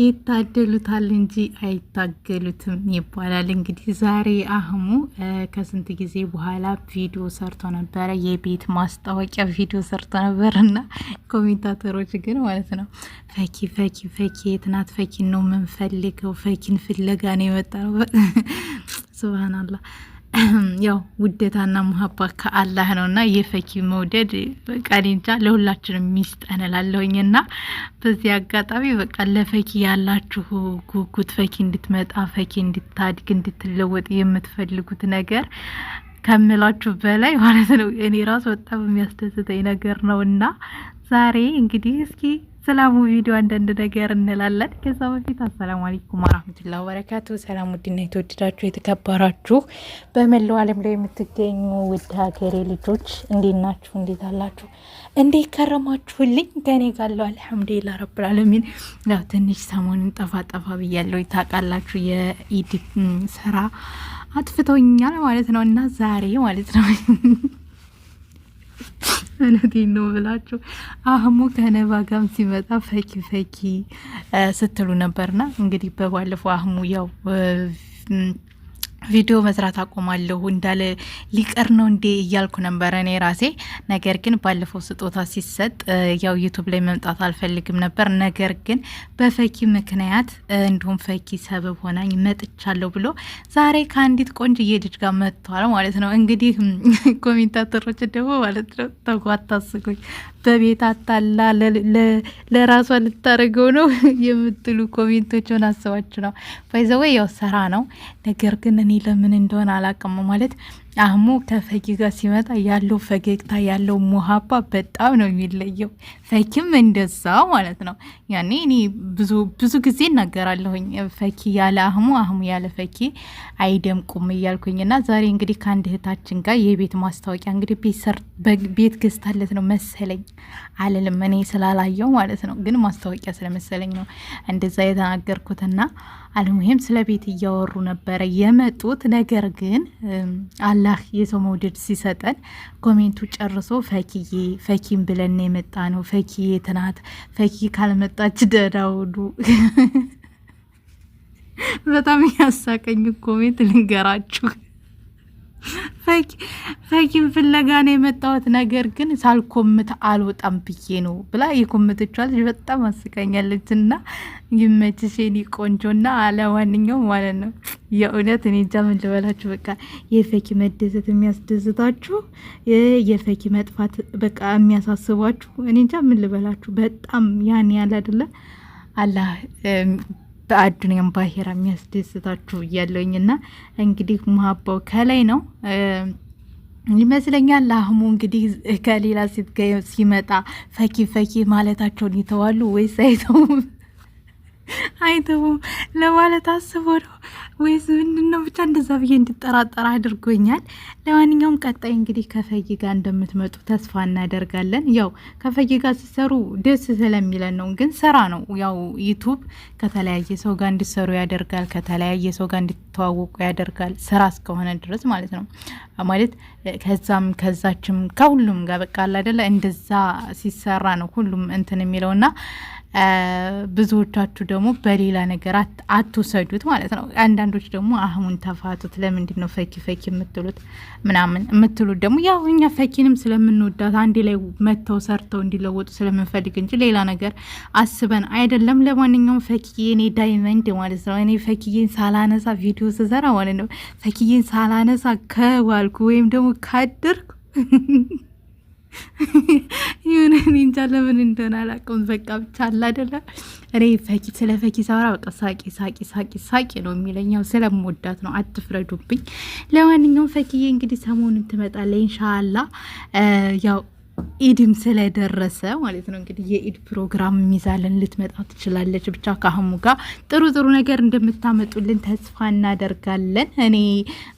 ይታደሉታል እንጂ አይታገሉትም ይባላል። እንግዲህ ዛሬ አህሙ ከስንት ጊዜ በኋላ ቪዲዮ ሰርቶ ነበረ፣ የቤት ማስታወቂያ ቪዲዮ ሰርቶ ነበር እና ኮሜንታተሮች ግን ማለት ነው ፈኪ ፈኪ ፈኪ የትናት ፈኪን ነው የምንፈልገው፣ ፈኪን ፍለጋ ነው የመጣ ነው። ሱብሃናላህ ያው ውደታና ሙሀባ ከአላህ ነው እና የፈኪ መውደድ በቃ እንጃ ለሁላችንም ሚስጠን እላለሁኝ። እና በዚህ አጋጣሚ በቃ ለፈኪ ያላችሁ ጉጉት፣ ፈኪ እንድትመጣ፣ ፈኪ እንድታድግ፣ እንድትለወጥ የምትፈልጉት ነገር ከምላችሁ በላይ ማለት ነው። እኔ ራሱ በጣም የሚያስደስተኝ ነገር ነው እና ዛሬ እንግዲህ እስኪ ሰላሙ ቪዲዮ አንዳንድ ነገር እንላለን። ከዛ በፊት አሰላሙ አለይኩም ወራህመቱላ ወበረካቱ። ሰላም ውድና የተወደዳችሁ የተከበራችሁ በመላው ዓለም ላይ የምትገኙ ውድ ሀገሬ ልጆች እንዴት ናችሁ? እንዴት አላችሁ? እንዴት ከረማችሁልኝ? ከኔ ጋለው አልሐምዱሊላ ረብል አለሚን። ያው ትንሽ ሰሞኑን ጠፋ ጠፋ ብያለሁ ታውቃላችሁ። የኢድ ስራ አጥፍቶኛል ማለት ነው እና ዛሬ ማለት ነው እውነቴን ነው ብላችሁ አህሙ ከነባ ጋም ሲመጣ ፈኪ ፈኪ ስትሉ ነበርና እንግዲህ በባለፈው አህሙ ያው ቪዲዮ መስራት አቆማለሁ እንዳለ ሊቀር ነው እንዴ እያልኩ ነበረ እኔ ራሴ። ነገር ግን ባለፈው ስጦታ ሲሰጥ ያው ዩቱብ ላይ መምጣት አልፈልግም ነበር። ነገር ግን በፈኪ ምክንያት እንዲሁም ፈኪ ሰበብ ሆናኝ መጥቻለሁ ብሎ ዛሬ ከአንዲት ቆንጆዬ ልጅ ጋር መጥቷል ማለት ነው። እንግዲህ ኮሜንታተሮች ደግሞ ማለት ነው ተጓታስጎኝ በቤት አታላ ለራሷ ልታደርገው ነው የምትሉ ኮሜንቶችን አስባችሁ ነው። ባይዘወይ ያው ስራ ነው። ነገር ግን እኔ ለምን እንደሆነ አላቅም ማለት አህሙ ከፈኪ ጋር ሲመጣ ያለው ፈገግታ ያለው ሞሀባ በጣም ነው የሚለየው። ፈኪም እንደዛ ማለት ነው። ያኔ እኔ ብዙ ብዙ ጊዜ እናገራለሁኝ ፈኪ ያለ አህሙ፣ አህሙ ያለ ፈኪ አይደምቁም እያልኩኝ እና ዛሬ እንግዲህ ከአንድ እህታችን ጋር የቤት ማስታወቂያ እንግዲህ ቤት ገዝታለት ነው መሰለኝ፣ አልልም እኔ ስላላየው ማለት ነው፣ ግን ማስታወቂያ ስለመሰለኝ ነው እንደዛ የተናገርኩትና አልሙሄም ስለ ቤት እያወሩ ነበረ የመጡት ነገር ግን አለ አላህ የሰው መውደድ ሲሰጠን ኮሜንቱ ጨርሶ ፈኪዬ ፈኪም ብለን የመጣ ነው። ፈኪዬ ትናት ፈኪ ካልመጣች ደዳውዱ በጣም ያሳቀኝ ኮሜንት ልንገራችሁ። ፈኪን ፍለጋ ነው የመጣሁት፣ ነገር ግን ሳልኮምት አልወጣም ብዬ ነው ብላ የኮምትቻል በጣም አስቀኛለች። እና ይመችሽ የኔ ቆንጆና አለዋንኛውም ማለት ነው። የእውነት እኔ እንጃ ምን ልበላችሁ። በቃ የፈኪ መደሰት የሚያስደስታችሁ፣ የፈኪ መጥፋት በቃ የሚያሳስባችሁ፣ እኔ እንጃ ምን ልበላችሁ። በጣም ያን ያህል አይደለ አላህ በአዱንያም ባሄራ የሚያስደስታችሁ እያለውኝ እና እንግዲህ መሀባው ከላይ ነው ይመስለኛል ለአህሙ እንግዲህ ከሌላ ሴት ጋር ሲመጣ ፈኪ ፈኪ ማለታቸውን ይተዋሉ ወይስ አይተውም? አይተውም ለማለት አስቦ ነው ወይስ ምንድን ነው? ብቻ እንደዛ ብዬ እንድጠራጠር አድርጎኛል። ለማንኛውም ቀጣይ እንግዲህ ከፈይ ጋር እንደምትመጡ ተስፋ እናደርጋለን። ያው ከፈይ ጋር ሲሰሩ ደስ ስለሚለን ነው፣ ግን ስራ ነው። ያው ዩቱብ ከተለያየ ሰው ጋር እንዲሰሩ ያደርጋል። ከተለያየ ሰው ጋር እንድትተዋወቁ ያደርጋል። ስራ እስከሆነ ድረስ ማለት ነው። ማለት ከዛም ከዛችም ከሁሉም ጋር በቃ አይደለ? እንደዛ ሲሰራ ነው ሁሉም እንትን የሚለውና ብዙዎቻችሁ ደግሞ በሌላ ነገር አትውሰዱት ማለት ነው። አንዳንዶች ደግሞ አህሙን ተፋቱት፣ ለምንድን ነው ፈኪ ፈኪ የምትሉት ምናምን የምትሉት ደግሞ ያው እኛ ፈኪንም ስለምንወዳት አንዴ ላይ መጥተው ሰርተው እንዲለወጡ ስለምንፈልግ እንጂ ሌላ ነገር አስበን አይደለም። ለማንኛውም ፈኪ የኔ ዳይመንድ ማለት ነው እኔ ፈኪዬን ሳላነሳ ቪዲዮ ቪዲዮ ስሰራ ማለት ነው ፈኪዬን ሳላነሳ ከዋልኩ ወይም ደግሞ ካደርኩ ይሁን እንጃ ለምን እንደሆነ አላውቅም። በቃ ብቻ አላደለ እኔ ፈኪ ስለ ፈኪ ሳወራ በቃ ሳቂ ሳቂ ሳቂ ሳቂ ነው የሚለኛው ስለምወዳት ነው፣ አትፍረዱብኝ። ለማንኛውም ፈኪዬ እንግዲህ ሰሞኑን ትመጣለች ኢንሻላህ ያው ኢድም ስለደረሰ ማለት ነው እንግዲህ የኢድ ፕሮግራም ሚዛለን ልትመጣ ትችላለች። ብቻ ከአህሙ ጋር ጥሩ ጥሩ ነገር እንደምታመጡልን ተስፋ እናደርጋለን። እኔ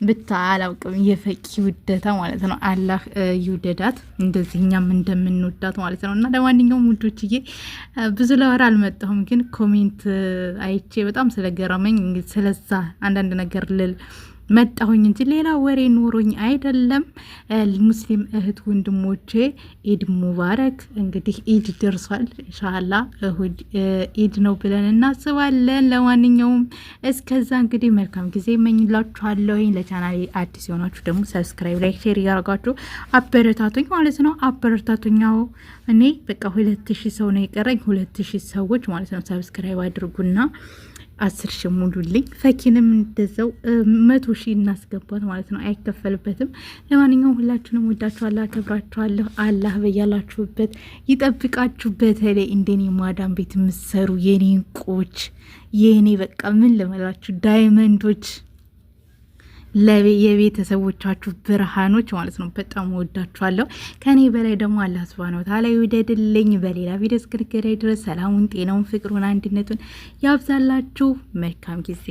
ብታ አላውቅም የፈቂ ውደታ ማለት ነው። አላህ ይውደዳት እንደዚህ እኛም እንደምንወዳት ማለት ነው። እና ለማንኛውም ውዶችዬ ብዙ ለወር አልመጣሁም፣ ግን ኮሜንት አይቼ በጣም ስለገረመኝ ስለዛ አንዳንድ ነገር ልል መጣሁኝ እንጂ ሌላ ወሬ ኖሮኝ አይደለም። ሙስሊም እህት ወንድሞቼ ኢድ ሙባረክ። እንግዲህ ኢድ ደርሷል። ኢንሻላ እሁድ ኢድ ነው ብለን እናስባለን። ለማንኛውም እስከዛ እንግዲህ መልካም ጊዜ እመኝላችኋለሁኝ። ለቻናል አዲስ የሆናችሁ ደግሞ ሰብስክራይብ፣ ላይክ፣ ሼር እያደረጋችሁ አበረታቱኝ ማለት ነው። አበረታቱኛው እኔ በቃ ሁለት ሺህ ሰው ነው የቀረኝ። ሁለት ሺህ ሰዎች ማለት ነው። ሰብስክራይብ አድርጉና አስር ሺ ሙሉልኝ። ፈኪንም እንደዛው መቶ ሺ እናስገባት ማለት ነው፣ አይከፈልበትም። ለማንኛውም ሁላችሁንም ወዳችኋለሁ፣ አከብራችኋለሁ። አላህ በያላችሁበት ይጠብቃችሁ። በተለይ እንደኔ ማዳም ቤት የምትሰሩ የኔ እንቁዎች፣ የእኔ በቃ ምን ልበላችሁ ዳይመንዶች የቤተሰቦቻችሁ ብርሃኖች ማለት ነው። በጣም ወዳችኋለሁ። ከኔ በላይ ደግሞ አላህ ሱብሃነሁ ወተዓላ ይውደድልኝ። በሌላ ቪዲዮ እስክንገናኝ ድረስ ሰላሙን፣ ጤናውን፣ ፍቅሩን፣ አንድነቱን ያብዛላችሁ። መልካም ጊዜ